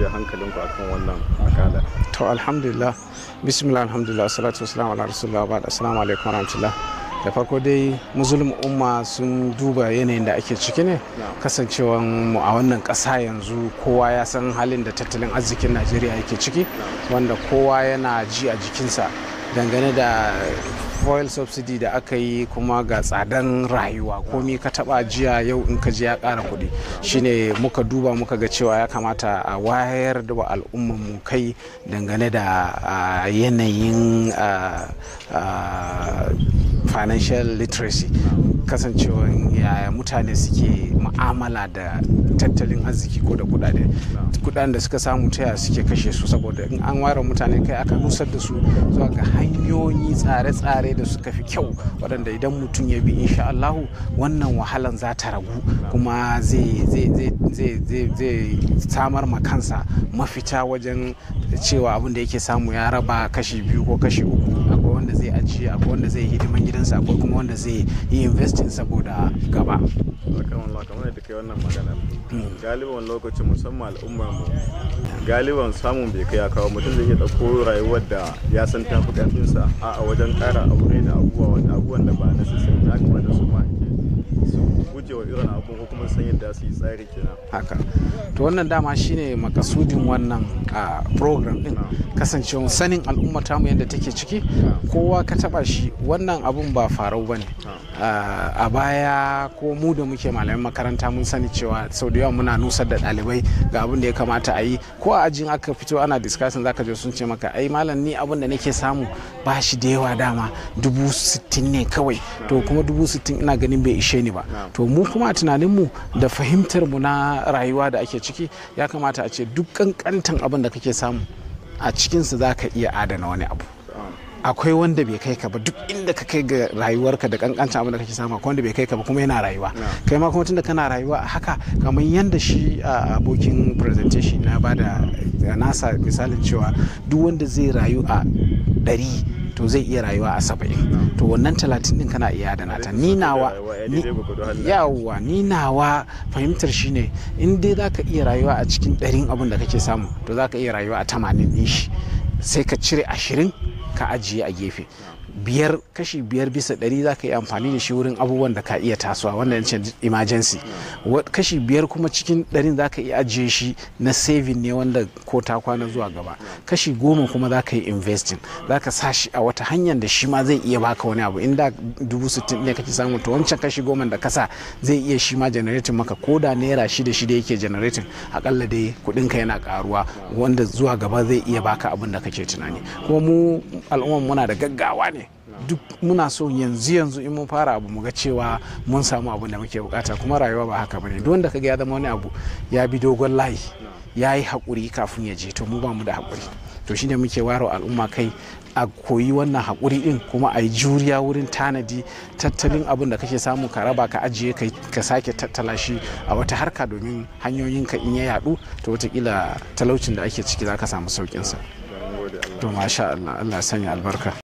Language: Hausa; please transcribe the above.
ja hankalinku a kan wannan makala to alhamdulillah bismillah alhamdulillah salatu wasu salamu ala rasulillah wa salamu alaikum wa rahmatullah. da farko dai musulun umma sun duba yanayin da ake ciki ne kasancewan mu a wannan ƙasa yanzu kowa ya san halin da tattalin arzikin najeriya yake ciki wanda kowa yana ji a jikinsa dangane da oil subsidy da aka yi kuma ga tsadan rayuwa komi ka taba jiya yau in ka ji ya kara kuɗi shine muka duba muka ga cewa ya kamata a wayar da wa al'umman mu kai dangane da yanayin financial literacy kasancewar yaya mutane suke ma'amala da tattalin arziki ko da kudade kudaden da suka samu ta yaya suke kashe su saboda in an ware mutane kai aka nusar da su zuwa ga hanyoyi tsare-tsare da suka fi kyau waɗanda idan mutum ya bi insha Allahu wannan wahalan za ta ragu kuma zai samar ma kansa mafita wajen cewa abin da yake samu ya raba kashi biyu ko kashi uku ajiye akwai wanda zai yi hidiman gidansa akwai kuma wanda zai yi investing saboda gaba kamar da kai wannan magana hmm. galiban lokacin musamman al'umma mu galiban samun bai kai ya kawo mutum zai iya ɗauko rayuwar da ya san tafi ƙarfinsa a wajen ƙara aure da abubuwa wanda abubuwan da ba na sisir da aka da su ma su guje irin abu ko san yadda su yi tsari kenan haka to wannan dama shine makasudin wannan program din ah. kasancewa sanin al'umma mu yadda take ciki ah. kowa ka taba shi wannan abun ba farau bane ah. a baya ko mu da muke malamin makaranta mun sani cewa sau da yawa muna nusar da ɗalibai ga abin da ya kamata a yi ko a ajin aka fito ana discussing zaka je sun ce maka ai malam ni abin da nake samu ba shi da yawa dama dubu sittin ne kawai to kuma dubu sittin ina ganin bai ishe ni ba ba to mu kuma a mu da fahimtar mu na rayuwa da ake ciki ya kamata a ce duk kankantan abin da kake samu a cikinsa za ka iya adana wani abu akwai wanda bai kai ka ba duk inda ka kai ga rayuwarka da kankancin abin da kake samu akwai wanda bai kai ka ba kuma yana rayuwa kai ma kuma tunda kana rayuwa a haka kamar yanda shi abokin presentation na bada nasa misalin cewa duk wanda zai rayu a ɗari to zai iya rayuwa a saba'in to wannan talatin din kana iya adana ta ni nawa yawa ni nawa fahimtar shi ne in dai za ka iya rayuwa a cikin ɗarin abin da kake samu to za ka iya rayuwa a tamanin din shi sai ka cire ashirin ka ajiye a gefe biyar kashi biyar bisa ɗari za ka yi amfani da shi wurin abubuwan da ka iya tasowa wanda yace emergency kashi biyar kuma cikin ɗarin za ka iya ajiye shi na saving ne wanda ko ta kwana zuwa gaba kashi goma kuma za ka yi investing za ka sa shi a wata hanyar da shi ma zai iya baka wani abu inda dubu sittin ne kake samu to wancan kashi goma da kasa zai iya shi ma generating maka ko da naira shida shida yake generating akalla dai kuɗinka yana karuwa wanda zuwa gaba zai iya baka abin da kake tunani kuma mu al'umman muna da gaggawa ne duk muna so yanzu yanzu in mun fara abu mu ga cewa mun samu abun da muke bukata kuma rayuwa ba haka bane duk wanda kaga ya zama wani abu ya bi dogon layi ya yi haƙuri kafin ya je to mu ba mu da haƙuri to shine muke waro al'umma kai a koyi wannan haƙuri din kuma a yi juriya wurin tanadi tattalin abin da kake samu ka raba ka ajiye ka sake tattala shi a wata harka domin hanyoyin ka in ya yaɗu to watakila talaucin da ake ciki za ka samu sauƙinsa. to masha Allah Allah sanya albarka